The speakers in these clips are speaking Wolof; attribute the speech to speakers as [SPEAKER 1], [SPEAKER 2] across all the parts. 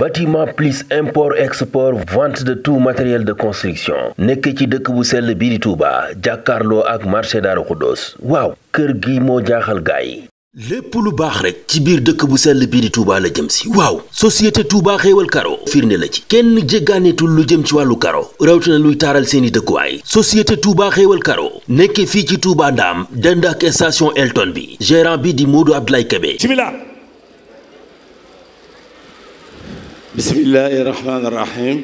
[SPEAKER 1] bâtiment plus import export vente de tout matériel de construction nekk ci dëkk bu sell bii di Touba jàkkaarloo ak marché Daaru Xuddoos waaw kër gi moo jaaxal gaay yi lépp lu baax rek ci biir dëkk bu sell bii di Touba la jëm si waaw société Touba xéewal karo firnde la ci kenn jéggaaneetul lu jëm ci wàllu karo rawatina luy taaral seeni dëkkuwaay société Touba xéewal karo nekke fii ci Touba ndaam dend ak station Elton bi gérant bi di Modou Abdoulaye
[SPEAKER 2] Kébé simila bismillaahi rahmaani rahiim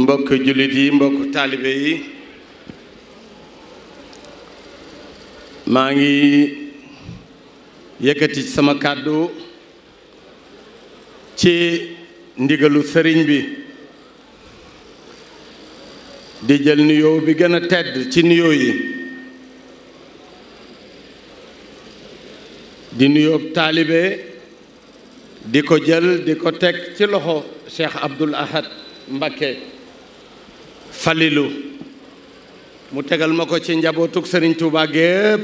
[SPEAKER 2] mbokk jullit yi mbokk taalibe yi maa ngi yëkkati sama kàddu ci ndigalu sëriñ bi di jël nuyoo bi gën a tedd ci nuyoo yi di nuyoob taalibe di ko jël di ko teg ci loxo Cheikh Abdoul Ahad Mbacké Falilou mu tegal ma ko ci njabootug Serigne Touba gépp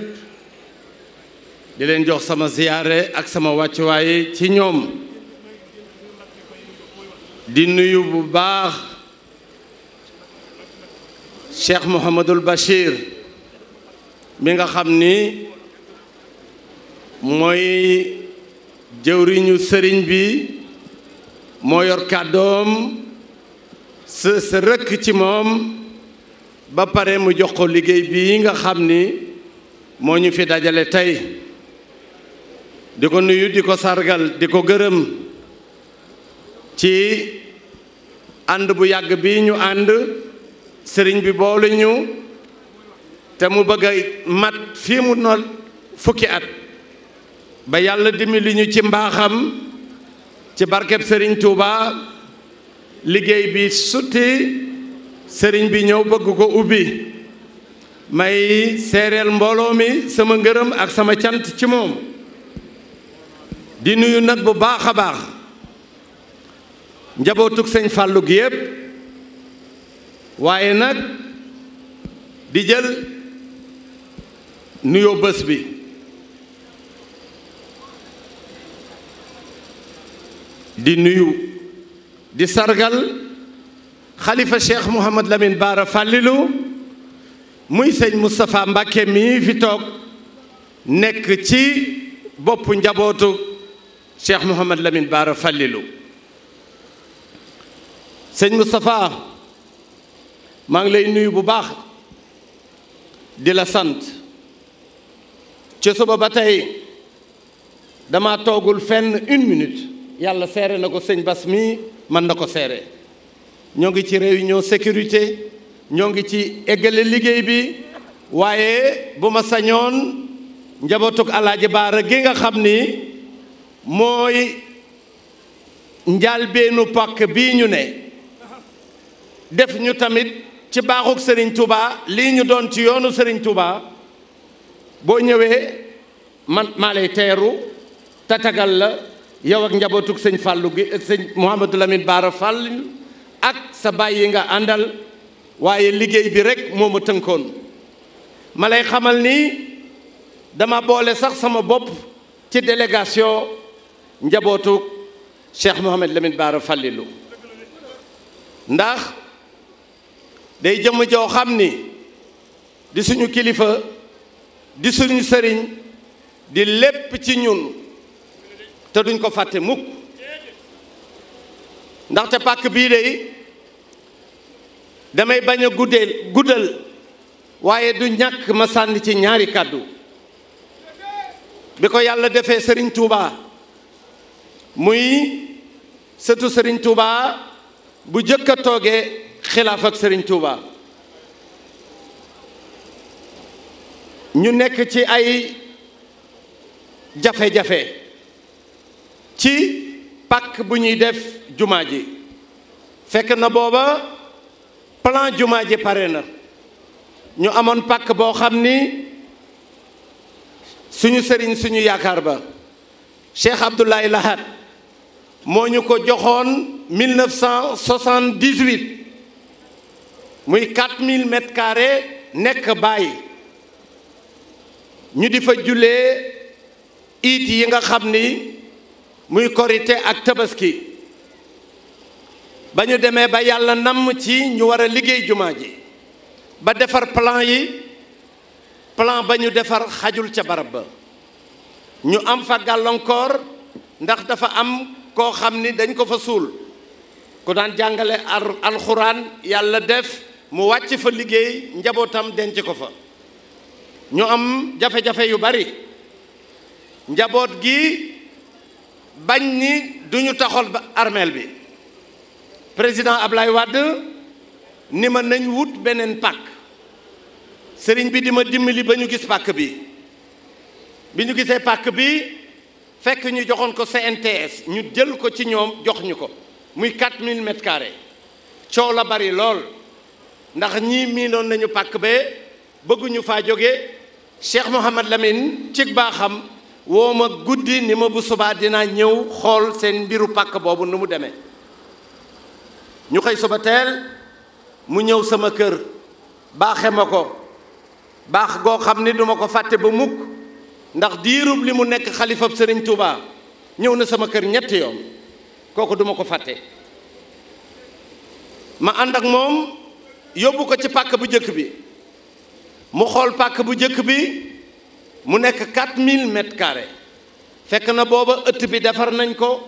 [SPEAKER 2] di leen jox sama ziyaare ak sama wàccuwaay ci ñoom di nuyu bu baax Cheikh Mouhamadul bashir mi nga xam ni mooy jëwriñu sëriñ bi moo yor kàddoom sa sa rëkk ci moom ba pare mu jox ko liggéey bi nga xam ni moo ñu fi dajale tey di ko nuyu di ko sargal di ko gërëm ci ànd bu yàgg bi ñu ànd sëriñ bi boole te mu bëgg a mat fii mu nool fukki at ba yàlla dimbali ñu ci mbaaxam ci barkeb sëriñ Touba liggéey bi sutti sëriñ bi ñëw bëgg ko ubbi may seereel mbooloo mi sama ngërëm ak sama cant ci moom di nuyu nag bu baax a baax njabootug sëñ Fallou gi yépp waaye nag di jël nuyoo bés bi di nuyu di sargal xalifa cheikh Mouhamad lamin Baara Fàllilu muy sëñ Moustapha Mbàkke mi fi toog nekk ci boppu njabootu cheikh Mouhamad lamin Baara Fàllilu sëñ Moustapha maa ngi lay nuyu bu baax di la sant ci suba ba tey dama toogul fenn une yàlla seere na ko sëñ Bas mii mën na ko seere ñoo ngi ci réunion sécurité ñoo ngi ci eggale liggéey bi waaye bu ma sañoon njabootug alaaji baara gi nga xam ni mooy njaalbeenu pàkk bii ñu ne def ñu tamit ci baaxug sëriñ Touba lii ñu doon ci yoonu Serigne Touba boo ñëwee man maa lay teeru tatagal la yow ak njabootug sëñ Fallou gi sëñ Mouhamadou Lamine baara Fall ak sa bàyyi nga àndal waaye liggéey bi rek moo tënkoon ma lay xamal ni dama boole sax sama bopp ci délégation njabootug Cheikh Mouhamadou Lamine Bara Fallilu ndax day jëm joo xam ni di suñu kilifa di suñu sëriñ di lépp ci ñun te duñ ko fàtte mukk ndaxte pàkk bii de damay bañ a guddeel guddal waaye du ñàkk ma sànni ci ñaari kàddu bi ko yàlla defee sëriñ Touba muy sëtu sëriñ Touba bu jëkk a toogee xilaaf ak sëriñ Touba ñu nekk ci ay jafe-jafe ci pàkk bu ñuy def jumaa ji fekk na booba plan jumaa ji pare na ñu amoon pàkk boo xam ni suñu sëriñ suñu yaakaar ba Cheikh Abdoulaye Lahad moo ñu ko joxoon 1978 muy 4000 mètres carrés nekk bàyyi ñu di fa jullee iit yi nga xam ni muy korite ak tabaski ba ñu demee ba yàlla namm ci ñu war a liggéey jumaa ji ba defar plan yi plan ba ñu defar xajul ca barab ba ñu am fa gàllankoor ndax dafa am koo xam ni dañ ko fa suul ku daan jàngale alxuraan yàlla def mu wàcc fa liggéey njabootam denc ko fa ñu am jafe-jafe yu bari njaboot gi bañ ni duñu taxol ba armeel bi président Ablaye Wade ni ma nañ wut beneen pàkk sëriñ bi di ma dimbali ba ñu gis pàkk bi bi ñu gisee pàkk bi fekk ñu joxoon ko CNTS ñu jël ko ci ñoom jox ñu ko muy 4000 mètres carrés coow la bari lool ndax ñii miinoon nañu pàkk bee bëgguñu faa jóge Cheikh Mouhamad Lamine ci baaxam woo ma guddi ni ma bu subaa dinaa ñëw xool seen mbiru pàkk boobu nu mu demee ñu xëy suba teel mu ñëw sama kër baaxe ma ko baax goo xam ni duma ko fàtte ba mukk ndax diirub li mu nekk xalifab sëriñ Touba ñëw na sama kër ñetti yoon kooku duma ko fàtte ma ànd ak moom yóbbu ko ci pàkk bu jëkk bi mu xool pàkk bu jëkk bi mu nekk 4000 mètres carrés fekk na booba ëtt bi defar nañ ko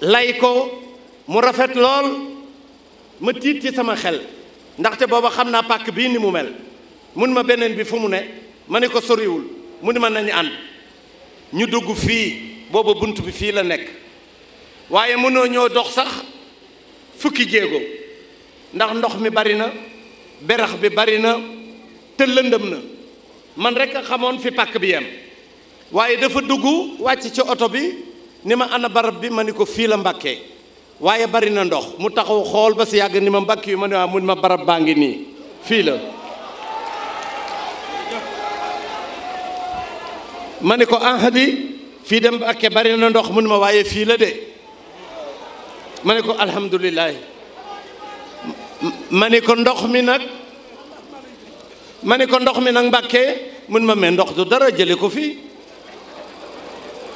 [SPEAKER 2] lay ko mu rafet lool ma tiit ci sama xel ndaxte booba xam naa pàkk bii ni mu mel mun ma beneen bi fu mu ne ma ne ko soriwul mu ni ma nañu ànd ñu dugg fii booba bunt bi fii la nekk waaye mënoo ñoo dox sax fukki jéego ndax ndox mi bari na berax bi bari na te lëndëm na man rek a xamoon fi pàkk bi yam waaye dafa dugg wàcc ci oto bi ni ma ana barab bi ma ni ko fii la mbakke waaye bari na ndox mu taxaw xool ba si yàgg ni ma mbàkk ma ne waa mun ma barab baa ngi nii fii la ma ni ko ahadi fii dem Mbàkke bari na ndox mun waaye fii la de ma ne ko alhamdulilah ma ne ko ndox mi nag ma ne ko ndox mi nag mbàkkee mun ma mee ndox du dara jële ko fii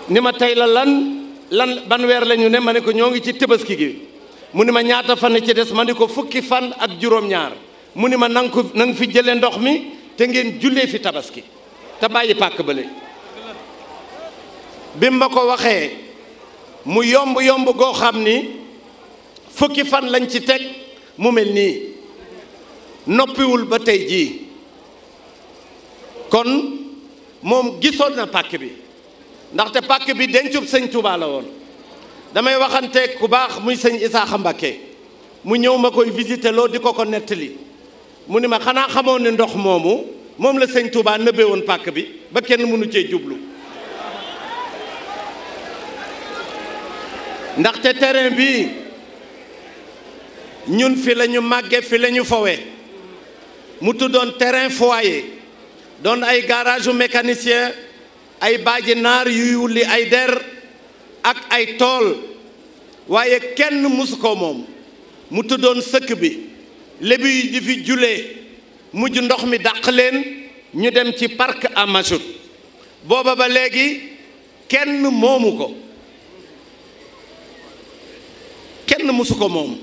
[SPEAKER 2] ni ma tey la lan lan ban weer la ñu ne ma ne ko ñoo ngi ci tëbaski gi mu ni ma ñaata fan ci des ma ne ko fukki fan ak juróom-ñaar mu ni ma na nga fi jëlee ndox mi te ngeen jullee fi tabaski te bàyyi pàkk bële bi ma ko waxee mu yomb yomb goo xam ni fukki fan lañ ci teg mu mel nii noppiwul ba tey jii kon moom gisoon na pàkk bi ndaxte pàkk bi dencub sëñ Touba la woon damay waxante ku baax muy sëñ Isaaxa Mbakke mu ñëw ma koy visité loo di ko ko nettali mu ni ma xanaa xamoon ne ndox moomu moom la sëñ Touba nëbbee woon pàkk bi ba kenn mënu cee jublu ndaxte terrain bi ñun fi lañu ñu màgge fi la ñu fowe mu tuddoon terrain foyer doon ay garage u mécanicien ay baaji naar yuy wulli ay der ak ay tool waaye kenn musu ko moom mu tuddoon sëkk bi lébu yi di fi julee mujj ndox mi dàq leen ñu dem ci park à Majout booba ba léegi kenn moomu ko kenn musu ko moom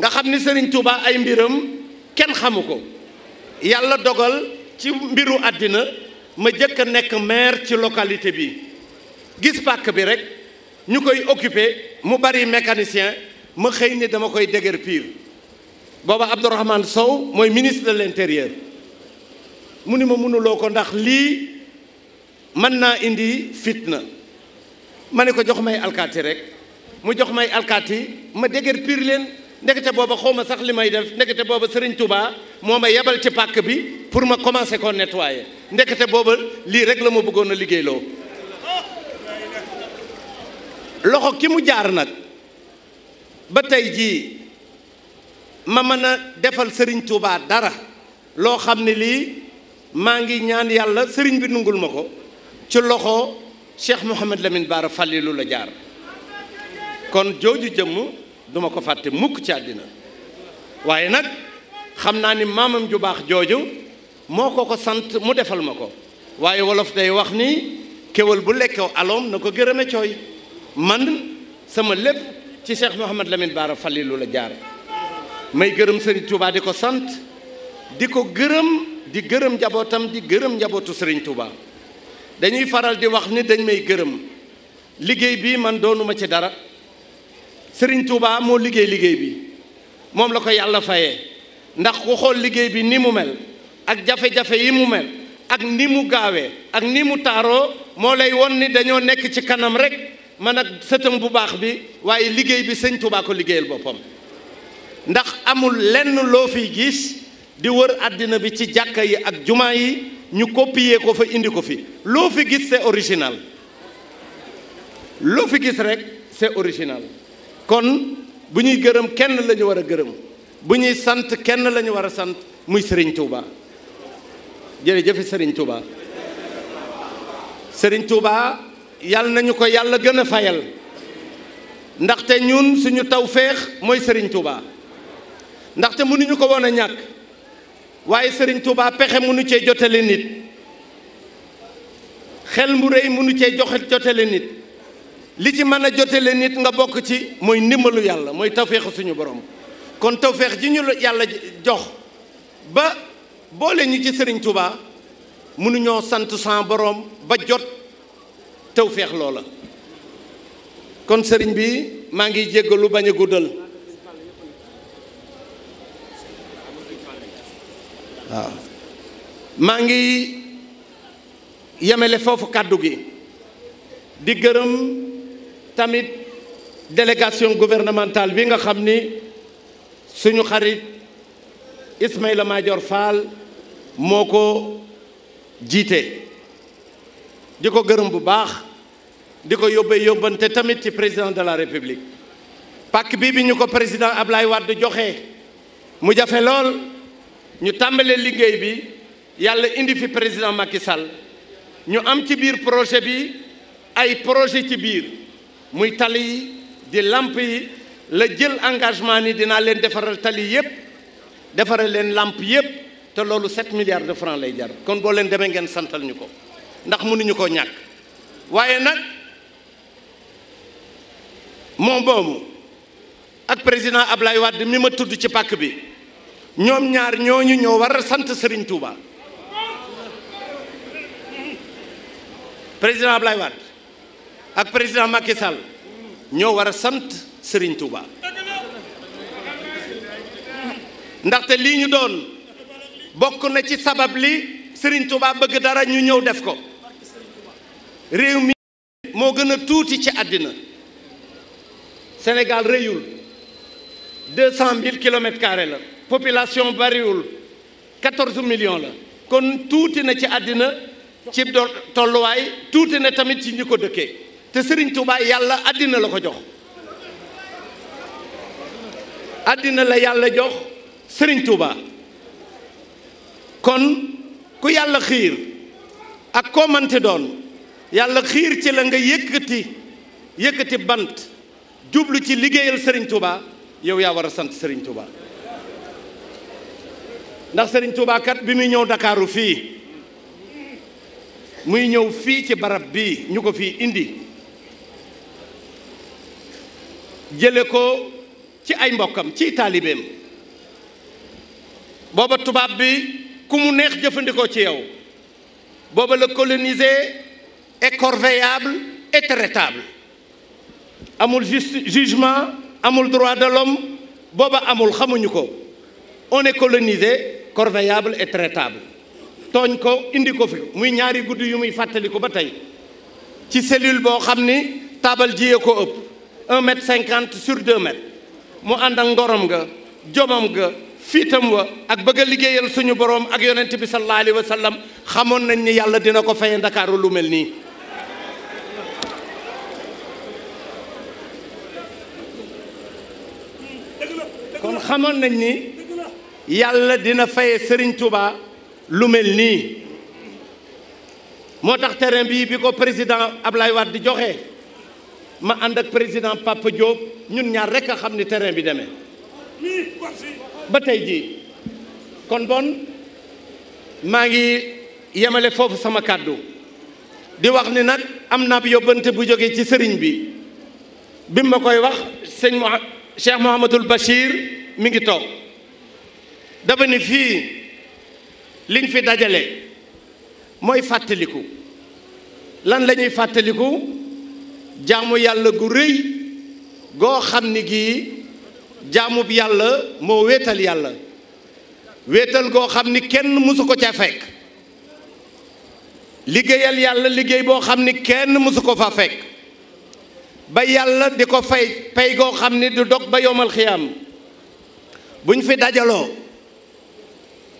[SPEAKER 2] nga xam ni Serigne Touba ay mbiram kenn xamu ko yàlla dogal ci mbiru àddina ma jëkk a nekk maire ci localité bi gis pàkk bi rek ñu koy occupé mu bari mécanicien ma xëy ni dama koy déguer pire booba Abdourahmane Sow mooy ministre de l'intérieur mu ni ma mënuloo ko ndax lii man naa indi fitna ma ne ko jox may alkaati rek mu jox may alkaati ma déguer pire leen ndekete booba xaw ma sax li may def ndekete booba Serigne Touba moo ma yebal ci pàkk bi pour ma commencer ko nettoyer ndekete booba lii rek la ma bëggoon a liggéeyloo loxo ki mu jaar nag ba tey jii ma mën a defal sëriñ Touba dara loo xam ne lii maa ngi ñaan yàlla Serigne bi nungul ma ko ci loxo Cheikh Mouhamed Lamine Bara Fallilou la jaar kon jooju jëmm duma ko fàtte mukk ci àddina waaye nag xam naa ni maamam ju baax jooju moo ko ko sant mu defal ma ko waaye wolof day wax ni kéwal bu lekkew aloom na ko gërëme cooy man sama lépp ci Cheikh Mouhamad Lamine Bara Fallilu la jaar may gërëm Serigne tuubaa di ko sant di ko gërëm di gërëm njabootam di gërëm njabootu Serigne Touba dañuy faral di wax ni dañ may gërëm liggéey bi man doonuma ci dara Serigne Touba moo liggéey liggéey bi moom la ko yàlla fayee ndax ku xool liggéey bi ni mu mel ak jafe-jafe yi mu mel ak ni mu gaawee ak nii mu taaroo moo lay won ni dañoo nekk ci kanam rek mën ak sëtam bu baax bi waaye liggéey bi sëñ Touba ko liggéeyal boppam ndax amul lenn loo fi gis di wër àddina bi ci jàkka yi ak jumaa yi ñu copier ko fa indi ko fi loo fi gis see original loo fi gis rek c'est original kon bu ñuy gërëm kenn la ñu war a gërëm bu ñuy sant kenn lañu war a sant muy Serigne Touba jërëjëf sëriñ Touba sëriñ Touba yàlla nañu ko yàlla gën a fayal ndaxte ñun suñu tawféex mooy Serigne Touba ndaxte mënuñu ko wone a ñàkk waaye Serigne Touba pexe mënu cee jotale nit xel mu rëy mënu cee joxe jotale nit. li ci mën a jotele nit nga bokk ci mooy ndimbalu yàlla mooy tawféexu suñu borom kon tawféex ji ñu yàlla jox ba boole ñu ci sëriñ Touba mënuñoo sant sans borom ba jot tawféex loola. kon sëriñ bi maa ngi jéggalu bañ a guddal waaw maa ngi yemele foofu kàddu gi di gërëm. tamit délégation gouvernementale bi nga xam ni suñu xarit Ismaïla Madior Fall moo ko jiite di ko gërëm bu baax di ko yóbbee yóbbante tamit ci président de la république pàcc bii bi ñu ko président Ablaye Wade joxe mu jafe lool ñu tàmbalee liggéey bi yàlla indi fi président Macky Sall ñu am ci biir projet bi ay projet ci biir muy tali yi di làmp yi la jël engagement ni dinaa leen defaral tali yëpp defaral leen làmp yëpp te loolu 7 milliards de francs lay jar kon boo leen demee ngeen santal ñu ko ndax munuñu koo ñàkk waaye nag moom boobu ak président Ablaye Wade mi ma tudd ci pàkk bi ñoom ñaar ñoo ñu ñoo war a sant Serigne Touba président Ablaye ak président Macky ñoo war a sant Serigne Touba ndaxte lii ñu doon bokk na ci sabab li Serigne Touba bëgg dara ñu ñëw def ko réew mi moo gën a tuuti ci àddina Sénégal réyul deux cent mille kilomètres carrés la population bariwul quatorze million la kon tuuti na ci àddina ci tolluwaay tuuti na tamit ci ñu ko dëkkee te Serigne Touba yàlla àddina la ko jox àddina la yàlla jox Serigne Touba kon ku yàlla xiir ak koo mënti doon yàlla xiir ci la nga yëkkati yëkkati bant jublu ci liggéeyal Serigne Touba yow yaa war a sant Serigne Touba ndax sëriñ Touba bi muy ñëw Ndakaaru fii muy ñëw fii ci barab bi ñu ko fi indi jële ko ci ay mbokkam ci taalibeem booba tubaab bi ku mu neex jëfandikoo ci yow booba la colonisé est corvéable et traitable amul juste jugement amul droit de l'homme booba amul xamuñu ko on est colonisé corvéable et traitable tooñ ko indi ko fi muy ñaari guddi yu muy ko ba tey ci cellule boo xam ni taabal jiyee ko ëpp un mètre cinquante sur de mètres mu ànd ak ngorom nga jomam nga fiitam wa ak bëgg liggéeyal suñu boroom ak yonent bi sallallahu alayhi sallam xamoon nañ ni yàlla dina ko faye ndakaaru lu mel nii kon xamoon nañ ni yàlla dina faye Serigne Touba lu mel nii moo tax terrain bii bi ko président Ablaye Wade di joxe ma ànd ak président Papa joob ñun ñaar rek a xam ni terrain bi demee ba tey jii kon bon maa ngi yemale foofu sama kàddu di wax ni nag am naa yóbbante bu jógee ci sëriñ bi bi ma koy wax sëñ mo Cheikh Mouhamadoul mi ngi toog dafa ni fii liñ fi dajale mooy fàttaliku lan lañuy ñuy fàttaliku jaamu yàlla gu rëy goo xam ni gii jaamub yàlla moo wéetal yàlla wéetal goo xam ni kenn mësu ko ca fekk liggéeyal yàlla liggéey boo xam ni kenn mësu ko fa fekk ba yàlla di ko fay pay goo xam ni du dog ba yomal xiyaam buñ fi dajaloo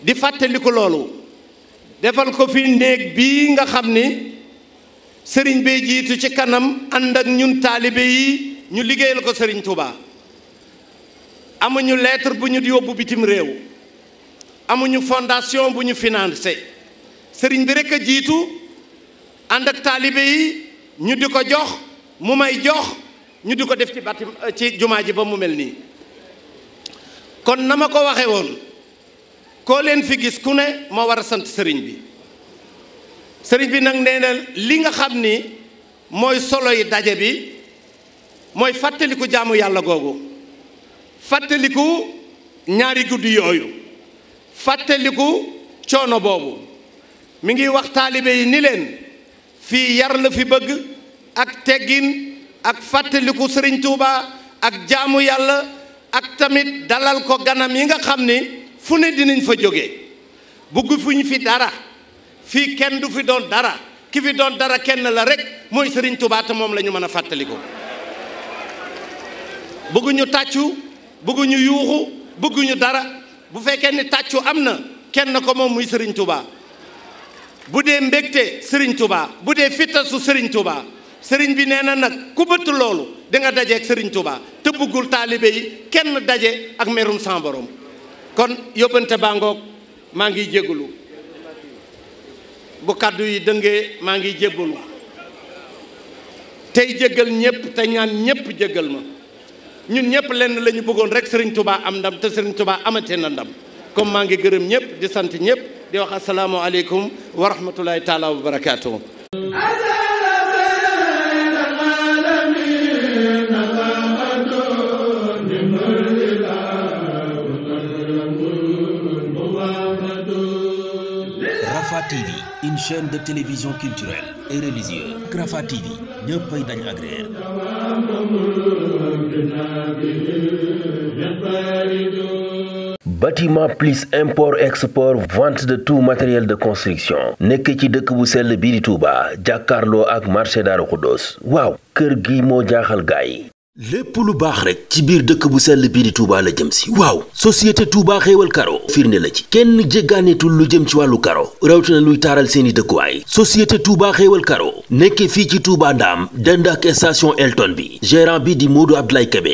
[SPEAKER 2] di fàttaliku loolu defal ko fi néeg bii nga xam ni sëriñ bee jiitu ci kanam ànd ak ñun taalibe yi ñu liggéeyal ko sëriñ Touba amuñu lettre bu ñu yóbbu bitim réew amuñu fondation bu ñu financé sëriñ bi rekk a jiitu ànd ak taalibe yi ñu di ko jox mu may jox ñu di ko def ci bati ci jumaa ji ba mu mel nii kon na ma ko waxee woon koo leen fi gis ku ne ma war a sant sëriñ bi sëriñ bi nag nee na li nga xam ni mooy solo yi daje bi mooy fàttaliku jaamu yàlla googu fàttaliku ñaari guddi yooyu fàttaliku coono boobu mu ngi wax taalibe yi ni leen fii yar la fi bëgg ak teggin ak fàttaliku sëriñ Tuuba ak jaamu yàlla ak tamit dalal ko ganam yi nga xam ni fu ne dinañ fa jóge bugg fuñ fi dara fii kenn du fi doon dara ki fi doon dara kenn la rek mooy sëriñ Touba te moom lañu ñu mën a fàttaliku. bëgguñu tàccu bëgguñu yuuxu bëgguñu dara bu fekkee ni tàccu am na kenn ko moom muy sëriñ Touba bu dee mbégte sëriñ Touba bu dee fittasu sëriñ Touba sëriñ bi nee na nag ku loolu dinga nga daje ak Serigne te bëggul taalibe kenn daje ak merum san kon yóbbante baa maa ngi jégalu. bu kàddu yi dëngee maa ngi jéggalu tey jéggal ñëpp te ñaan ñëpp jéggal ma ñun ñëpp lenn la ñu bëggoon rek Serigne tubaa am ndam te Serigne Touba amate na ndam comme maa ngi gërëm ñëpp di sant ñëpp di wax asalaamualeykum wa rahmatulahi taala wa barakaatu.
[SPEAKER 1] une chaîne de télévision culturelle et plus import export vente de tout matériel de construction nekk ci dëkk bu sell bii di Touba jàkkaarloo ak marché Daaru dos waaw kër gi moo jaaxal gaay lépp lu baax rek ci biir dëkk bu sell bii di Touba la jëm si waaw société Touba xéewal karo firnde la ci kenn jéggaaneetul lu jëm ci wàllu karo rawatina luy taaral seeni dëkkuwaay société Touba xéewal karo nekke fii ci Touba ndaam dend ak station Elton bi gérant bi di ab lay Kébé